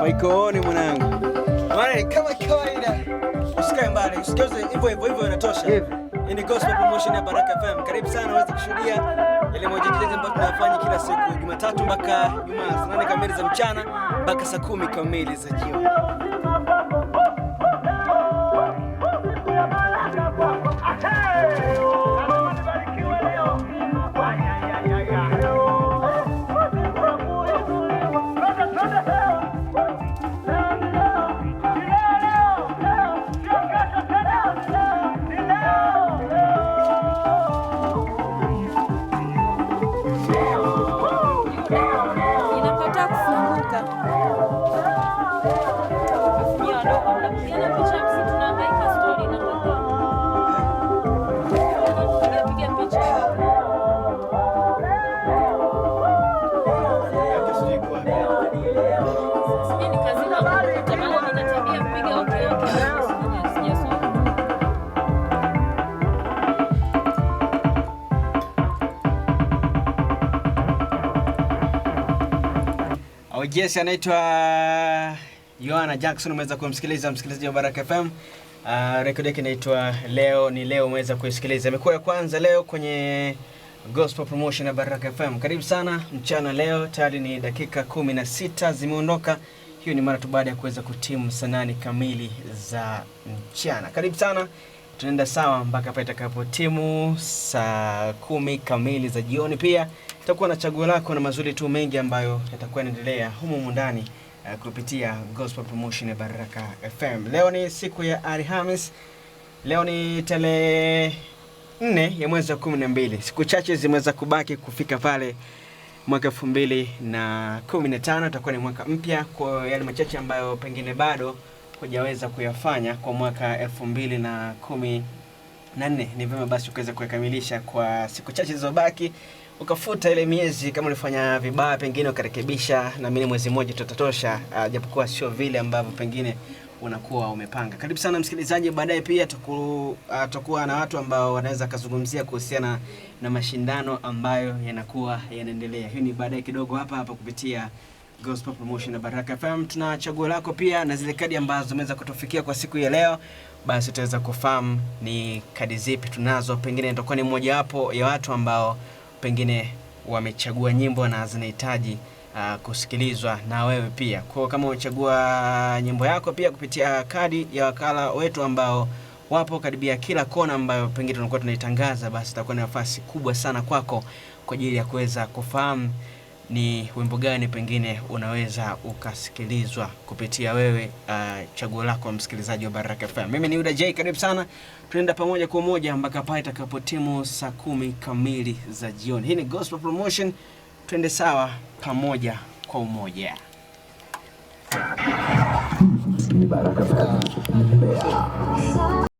Maikooni mwanangu, kama kawaida, usikae mbali, usikose hivyo hivyo hivyo, inatosha. Hii ni Gospel Promotion ya Baraka FM. Karibu sana uweze kushuhudia yale majikilezo ambayo tunafanya kila siku Jumatatu mpaka Ijumaa saa kamili za mchana mpaka saa kumi kamili za jioni. America. Our guest anaitwa Yohana Jackson, umeweza kumsikiliza msikilizaji wa Baraka FM. Uh, ah, rekodi yake inaitwa leo ni leo, umeweza kuisikiliza. Imekuwa ya kwanza leo kwenye Gospel Promotion ya Baraka FM. Karibu sana mchana leo, tayari ni dakika kumi na sita zimeondoka. Hiyo ni mara tu baada ya kuweza kutimu saa nane kamili za mchana. Karibu sana, tunaenda sawa mpaka pale itakapo timu saa kumi kamili za jioni pia utakuwa na chaguo lako na mazuri tu mengi ambayo yatakuwa yanaendelea humu mundani uh, kupitia Gospel Promotion Baraka FM. Leo ni siku ya Alhamis, leo ni tarehe nne ya mwezi wa kumi na mbili, siku chache zimeweza kubaki kufika pale mwaka elfu mbili na kumi na tano utakuwa ni mwaka mpya. Kwa yale machache ambayo pengine bado hujaweza kuyafanya kwa mwaka elfu mbili na kumi na nne, ni vyema basi ukaweza kuyakamilisha kwa siku chache zilizobaki ukafuta ile miezi kama ulifanya vibaya, pengine ukarekebisha, na mimi mwezi mmoja tutatosha, ah, japokuwa sio vile ambavyo pengine unakuwa umepanga. Karibu sana msikilizaji, baadaye pia ah, tutakuwa na watu ambao wanaweza kazungumzia kuhusiana na mashindano ambayo yanakuwa yanaendelea. Hii ni baadaye kidogo hapa hapa kupitia Gospel Promotion na Baraka FM. Tuna chaguo lako pia na zile kadi ambazo zimeweza kutufikia kwa siku ya leo, basi utaweza kufahamu ni kadi zipi tunazo, pengine itakuwa ni mojawapo ya watu ambao pengine wamechagua nyimbo na zinahitaji uh, kusikilizwa na wewe pia. Kwa kama umechagua nyimbo yako pia kupitia kadi ya wakala wetu ambao wapo karibia kila kona ambayo pengine tunakuwa tunaitangaza, basi itakuwa ni nafasi kubwa sana kwako kwa ajili ya kuweza kufahamu ni wimbo gani pengine unaweza ukasikilizwa kupitia wewe, uh, chaguo lako msikilizaji wa Baraka FM. Mimi ni Yuda J, karibu sana, tunaenda pamoja kwa moja mpaka pale itakapotimu saa kumi kamili za jioni. Hii ni Gospel Promotion, twende sawa pamoja kwa umoja. Baraka FM.